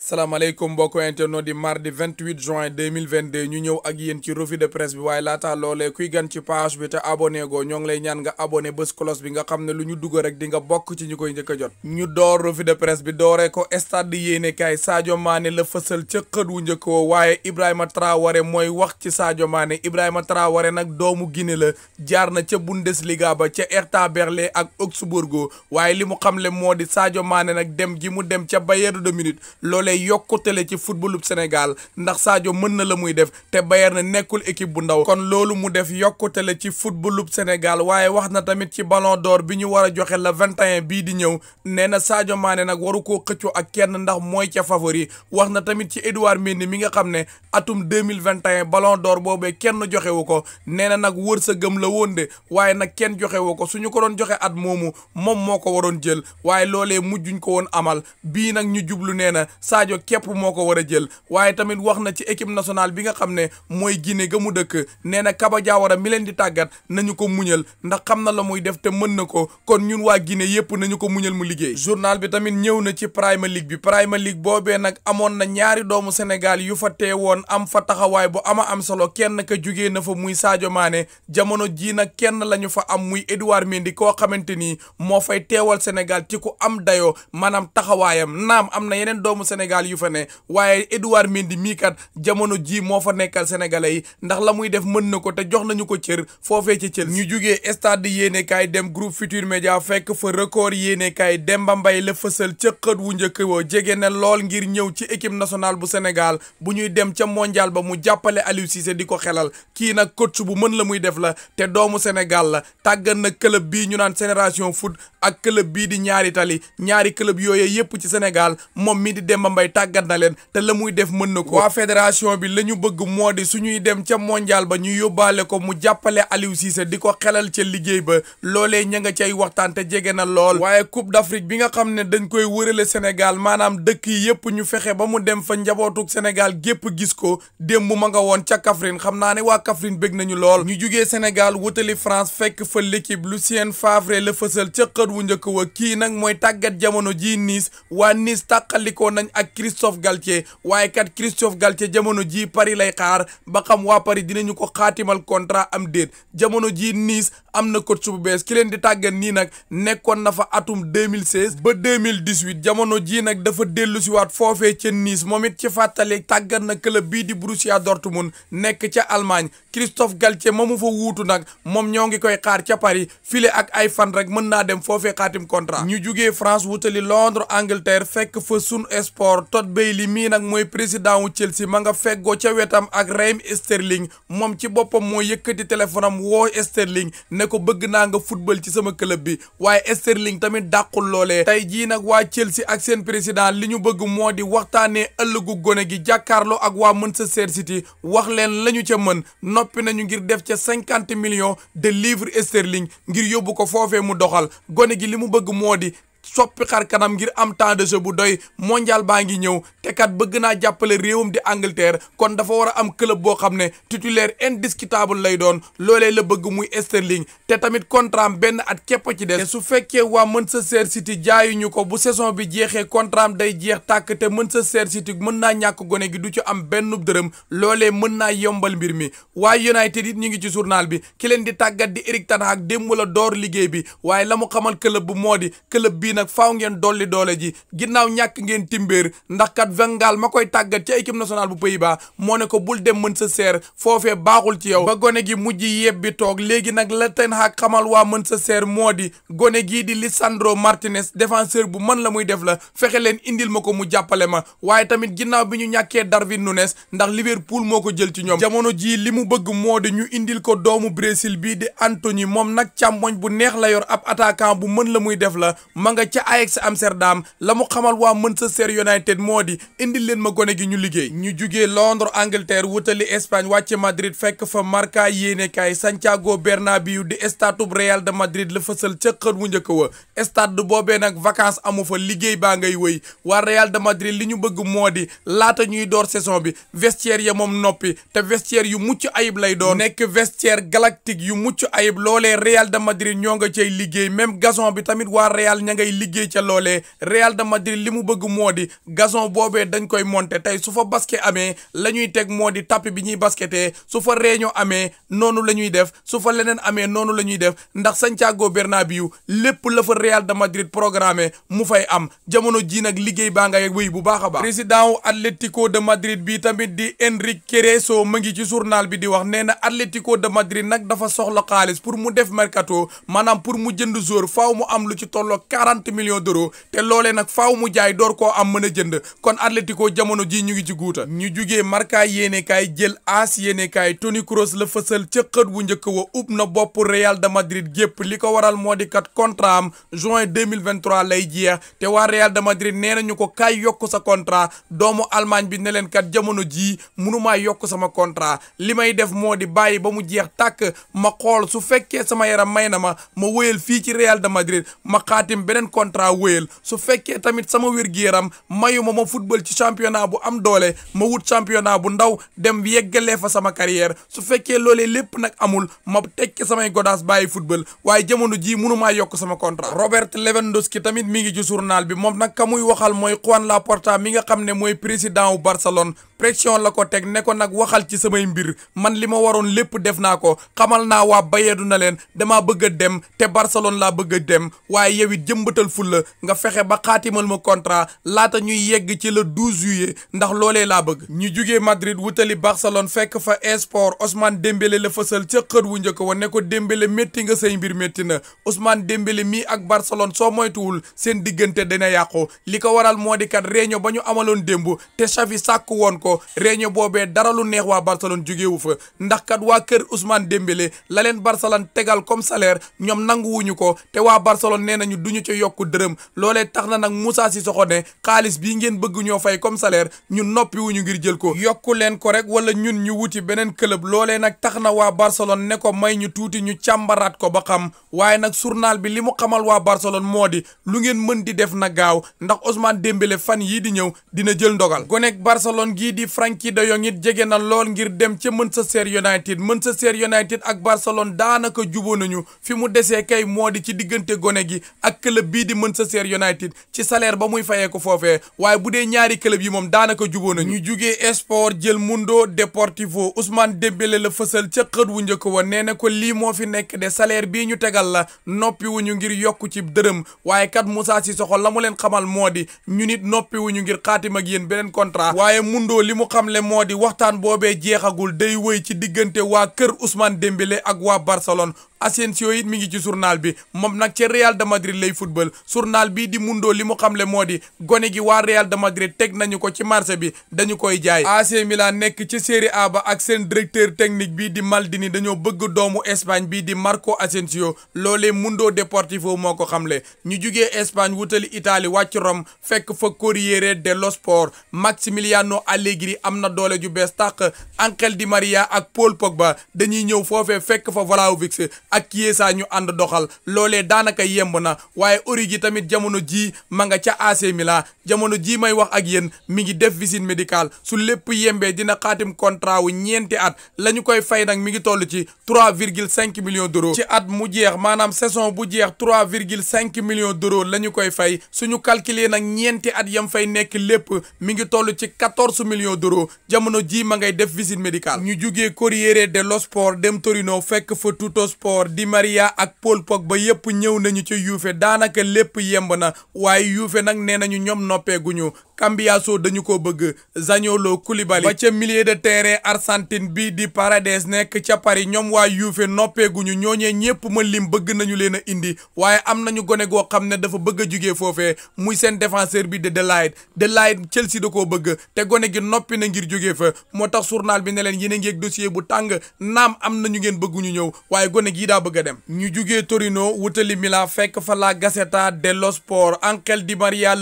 salaamaaleykum mbokk internet di mardi 28 juin 2022 ñu ñëw ak yéen ci revue de presse bi waaye laata loolee kuy gan ci page bi te abonné go ñoo ngi lay ñaan nga abonné bés cloche bi nga xam ne lu ñu dugg rek di nga bokk ci ñu koy njëkk jot ñu door rovi de presse bi dooree ko stade di yéenekaay Sadio Mané la fësal ca xët wu njëkk waaye Ibrahima Traoré mooy wax ci saajo maane Ibrahima ware nag doomu Guinée la jaar na ca Bundesliga ba ca Hertha Berlin ak Augsburgo waaye li mu xamle moo di Sadio Mané nag dem gi mu dem ca Bayern de Munich loole loolee yokkute la ci footballu Sénégal ndax saajo mën na la muy def te na nekkul équipe bu ndaw kon loolu mu def yokkute la ci footballu Sénégal waaye wax na tamit ci ballon door bi ñu war a joxe la 21 bii di ñëw nee na Sadio Mané nag waru koo xëccoo ak kenn ndax mooy ca favori wax na tamit ci Edouard Mendy mi nga xam ne atum 2021 ballon door boobee kenn joxewu ko nee na nag wërsëgam la woon de waaye nag kenn joxewu ko suñu ko doon joxe at moomu moom moo ko waroon jël waaye loolee mujjuñ ko woon amal bii nag ñu jublu nee na Sadio képp moo ko war a jël waaye tamit wax na ci équipe national bi nga xam ne mooy Guinée ga mu dëkk nee na Kaba Diawara mi leen di tàggat nañu ko muñël ndax xam na la muy def te mën na ko kon ñun waa gine yépp nañu ko muñël mu liggéey journal bi tamit ñëw na ci Premier League bi Premier League boobee nag amoon na ñaari doomu Sénégal yu fa teewoon am fa taxawaay bu ama am solo kenn ka jugee na fa muy Sadio maane jamono jii nag kenn lañu fa am muy Edouard Mendy koo xamante ni moo fay teewal Sénégal ci am dayoo maanaam taxawaayam Sénégal fa waaye Edouard Mendy mii kat jamono jii moo fa nekkal sénégalais yi ndax la muy def mën na ko te jox nañu ko cër foofee ci cër ñu jugee stade yéene kaay dem groupe Futur Média fekk fa record yéene dem ba mbay la fësal ca xët wu njëkk woo jege na lool ngir ñëw ci équipe nationale bu Sénégal bu ñuy dem ca mondial ba mu jàppale Aliou di ko xelal kii nag coach bu mën la muy def la te doomu Sénégal la tàggat na club bii ñu naan génération foot ak club bii di ñaari tali ñaari club yooyu yëpp ci Sénégal Mbaye tàggat na leen te la muy def mën na ko waa fédération bi la ñu bëgg moo di suñuy dem ca mondial ba ñu yóbbaale ko mu jàppale Aliou Cissé di ko xelal ca liggéey ba loolee ña nga cay waxtaan te jege na lool waaye Coupe d'Afrique bi nga xam ne dañ koy wërale Sénégal maanaam dëkk yi yëpp ñu fexe ba mu dem fa njabootuk Sénégal gépp gis ko démb ma nga woon ca Kaffrine xam naa ne waa Kaffrine bég nañu lool ñu jugee Sénégal wutali France fekk fa l'équipe lu Favre la fësal ca xët wu njëkk wa kii nag mooy tàggat jamono ji Nice ak Christophe Galtier waaye kat Christophe Galtier jamono ji Paris lay xaar ba xam waa Paris dinañu ko xaatimal contrat am déet jamono ji Nice am na coach bu bees ki leen di tàggat nii nag nekkoon na fa atum 2016 ba 2018 jamono ji nag dafa dellu si waat foofee ca Nice moom it ci fàttali tàggat na club bii di Borussia Dortmund nekk ca Allemagne Christophe Galtier ma mu fa wuutu nag moom ñoo ngi koy xaar ca Paris file ak ay fan rek mën naa dem foofee xaatim contrat ñu jugee France wutali Londres Angleterre fekk fa Sun Sport alors Todd Boehly mii nag mooy président wu Chelsea ma nga feggoo ca wetam ak Raheem Sterling moom ci boppam moo yëkkati téléphone am woo Sterling ne ko bëgg naa nga football ci sama club bi waaye Sterling tamit dàqul loolee tey jii nag waa Chelsea ak seen président li ñu bëgg moo di waxtaanee ëllëgu gone gi jàkkaarloo ak waa mën Manchester City wax leen la ñu ca mën noppi nañu ngir def ca cinquante million de livres sterling ngir yóbbu ko foofee mu doxal gone gi li mu bëgg moo di soppi xar kanam ngir am temps de jeu bu doy mondial baa ngi ñëw te kat bëgg naa jàppale réewum di Angleterre kon dafa war a am club boo xam ne titulaire indiscutable lay doon loole la bëgg muy Sterling te tamit contrat benn at képp ci des. te su fekkee waa mën sa Manchester City jaayuñu ko bu saison bi jeexee contrat day jeex tàkk te Manchester City mën naa ñàkk gone gi du ci am benn dërëm loolee mën naa yombal mbir mi waaye United it ñu ngi ci journal bi ki leen di tàggat di Erik ten Hag démb liggéey bi waaye la mu xamal club bu moo di club bii nag faw ngeen dolli doole ji ginnaw ñàkk ngeen timbéer ndax kat Vangal ma koy tàggat ca équipe nationale bu Pays-Bas moo ne ko bul dem Manchester foofee baaxul ci yow ba gone gi mujj yebbi toog léegi nag la Ten Hag xamal waa mën sa Manchester moo di gone gii di li sandro Martinez défenseur bu mën la muy def la fexe leen indil ma ko mu jàppale ma waaye tamit ginnaaw bi ñu ñàkkee Darwin Nunes ndax Liverpool moo ko jël ci ñoom jamono jii li mu bëgg moo di ñu indil ko doomu Brésil bii di Antony moom nag càmmoñ bu neex la yor ab attaquant bu mën la muy def la ca Ajax Amsterdam la mu xamal waa Manchester United moo di indi leen ma gone gi ñu liggéey ñu jugee Londres Angleterre wutali Espagne wàcce Madrid fekk fa Marca yéenekaay Santiago Bernabéu di statub Real de Madrid la fësal ca xët wu njëkk wa stade boobee nag vacances amu fa liggéey baa ngay wëy waa Real de Madrid li ñu bëgg moo di laata ñuy door saison bi vestiaire ya moom noppi te vestiaire yu mucc ayib lay doon nekk vestiaire galactique yu mucc ayib loolee Real de Madrid ñoo nga cay liggéey même gazon bi tamit liggéey ca loole Real de Madrid li mu bëgg moo di gazon boobee dañ koy monter tey su fa basket amee la ñuy teg moo di tapis bi ñuy basketee su fa réunion amee noonu la ñuy def su fa leneen amee noonu la ñuy def ndax bi Bernabéu lépp la fa Real de Madrid programmé mu fay am jamono jii nag liggéey baa ngay wéy bu baax a baax. président wu Atlético de Madrid bi tamit di Enrique Cerezo mu ngi ci journal bi di wax nee na Atlético de Madrid nag dafa soxla xaalis pour mu def mercato maanaam pour mu jënd joueur faaw mu am lu ci tolloo soixante millions d'euros te loole nag faaw mu jaay door ko am mën a jënd kon Atlético jamono ji ñu ngi ci guuta ñu jugee Marca yéenekaay jël AS yéenekaay Toni Kroos la fësal ca xët wu njëkk wa ub na bopp Real de Madrid gépp li ko waral moo di kat contrat am juin 2023 lay jeex te waa Real de Madrid nee nañu ko kaay yokk sa contrat doomu almaañ bi ne leen kat jamono jii munumaa yokk sama contrat li may def moo di bàyyi ba mu jeex tàkk ma xool su fekkee sama yaram may na ma ma wéyal fii ci Real de Madrid seen contrat wéyal su fekkee tamit sama wér-gu-yaram mayu ma ma football ci championnat bu am doole ma wut championnat bu ndaw dem yeggalee fa sama carrière su fekkee loolee lépp nag amul ma tekki samay godaas bàyyi football waaye jamono jii mënumaa yokk sama contrat Robert Lewandowski tamit mi ngi ci journal bi moom nag ka muy waxal mooy la Laporta mi nga xam ne mooy président wu Barcelone pression la ko teg ne ko nag waxal ci samay mbir man li ma waroon lépp def naa ko xamal naa waa bayeedu na leen damaa bëgg a dem te Barcelone laa bëgg a dem wutal fulla nga fexe ba xaatimal ma contrat laata ñu yegg ci le 12 juillet ndax loolee laa bëgg ñu jugee Madrid wutali Barcelone fekk fa esport Ousmane Dembélé la fësal ca xët wu njëkk wa ne ko Dembélé métti nga say mbir métti na Ousmane Dembélé mii ak Barcelone soo moytuwul seen diggante dina yàqu li ko waral moo di kat réunion ba ñu amaloon démb te Xavi sàkk woon ko réunion boobee dara lu neex waa Barcelone jugeewu fa ndax kat waa kër Ousmane Dembélé la leen tegal comme salaire ñoom nanguwuñu ko yokku dërëm loolee tax na nag Moussa Cissokho ne xaalis bi ngeen bëgg ñoo fay comme salaire ñun noppi wuñu ngir jël ko yokku leen ko rek wala ñun ñu wuti beneen club loolee nag tax na waa Barcelone ne ko may ñu tuuti ñu càmbaraat ko ba xam waaye nag surnaal bi li mu xamal waa Barcelone moo di lu ngeen mën di def na gaaw ndax Ousmane Dembélé fan yii di ñëw dina jël ndogal gonek Barcelone gii di Frenkie de Jong it jege na lool ngir dem ca Manchester United Manchester United ak Barcelone daanaka juboo nañu fi mu desee kay moo di ci diggante gone gi bii di Manchester United ci salaire ba muy fayee ko foofee waaye bu dee ñaari club yi moom daanaka juboo nañu ñu jugee sport jël Mundo Deportivo Ousmane Dembélé la fësal ca xët wu njëkk wa nee na ko lii moo fi nekk de salaire bii ñu tegal la noppi ngir yokku ci dërëm waaye kat Moussa Sissoko la mu leen xamal moo di ñu nit noppi ngir xaati mag yéen beneen contrat waaye mundoo li mu xamle moo di waxtaan boobee jeexagul day wëy ci diggante waa kër Ousmane Dembélé ak waa Barcelone Asensio it mi ngi ci journal bi moom nag ca Real de Madrid lay football journal bii di mundoo li mu xamle moo di gone gi waa Real de Madrid teg nañu ko ci marché bi dañu koy jaay AC Milan nekk ci Serie A ba ak seen directeur technique bii di Maldini dañoo bëgg doomu Espagne bi di Marco Asensio loolee Mundo Deportivo moo ko xamle ñu jugee Espagne wutali itali wàcc Rome fekk fa Corriere dello Sport Maximiliano Allegri am na doole ju bees tàq Angel Di Maria ak Paul Pogba dañuy ñëw foofee fekk fa Vlahovic ak Kiyesa ñu ànd doxal loole daanaka yemb na waaye Origi tamit jamono jii ma nga ca AC Milan jamono jii may wax ak yéen mi ngi def visite médical su lépp yembee dina xaatim contrat wu ñeenti at la ñu koy fay nag mi ngi toll ci trois virgule cinq millions d'euros ci at mu jeex maanaam saison bu jeex trois virgule cinq millions d'euros la ñu koy fay suñu calculer nag ñeenti at yam fay nekk lépp mi ngi toll ci quatorze millions d'euros jamono jii ma ngay def visite médical ñu jugee Corriere dello Sport dem Torino fekk fa Tuttosport Senghor Di Maria ak Paul ba yëpp ñëw nañu ca yuufe daanaka lépp yemb na waaye yuufe nag nee nañu ñoom noppeeguñu Cambiasso dañu ko bëgg Zaniolo Koulibaly ba ca milieu de terrain Argentine bi di Paredes nekk ca Paris ñoom waa Juve noppeeguñu ñooñee ñépp ma lim bëgg nañu leen indi waaye am nañu gone goo xam ne dafa bëgg a jugee foofe muy seen défenseur bi de Delight Delight Chelsea da ko bëgg te gone gi noppi na ngir jógee fa moo tax journal bi ne leen yéen a ngi dossier bu tàng naam am nañu ngeen bëgguñu ñëw waaye gone gii daa bëgg dem ñu jugee Torino wutali Milan fekk fa la Gazzetta dello Sport Angel Di Maria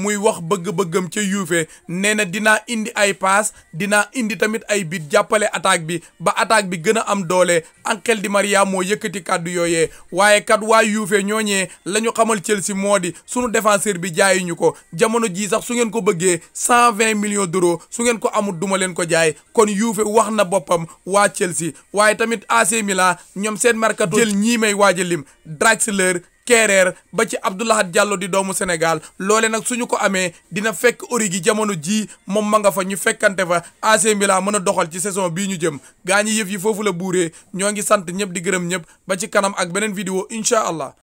njëkk muy wax bëgg-bëggam ca Juve nee na dinaa indi ay paas dinaa indi tamit ay bit jàppale attaque bi ba attaque bi gën a am doole Angel Di Maria moo yëkkati kàddu yooye waaye kat waa Juve ñooñee la ñu xamal Chelsea moo di sunu défenseur bi jaayuñu ko jamono jii sax su ngeen ko bëggee cent vingt millions d'euros su ngeen ko amul duma leen ko jaay kon Juve wax na boppam waa Chelsea waaye tamit c Milan ñoom seen mercato jël ñii may waaj a lim Draxler kereer ba ci Abdoulahat Diallo di doomu Sénégal loole nag suñu ko amee dina fekk origi jamono jii moom ma nga fa ñu fekkante fa AC Milan mën a doxal ci saison bii ñu jëm gaa ñu yëf yi foofu la buuree ñoo ngi sant ñëpp di gërëm ñëpp ba ci kanam ak beneen vidéo incha allah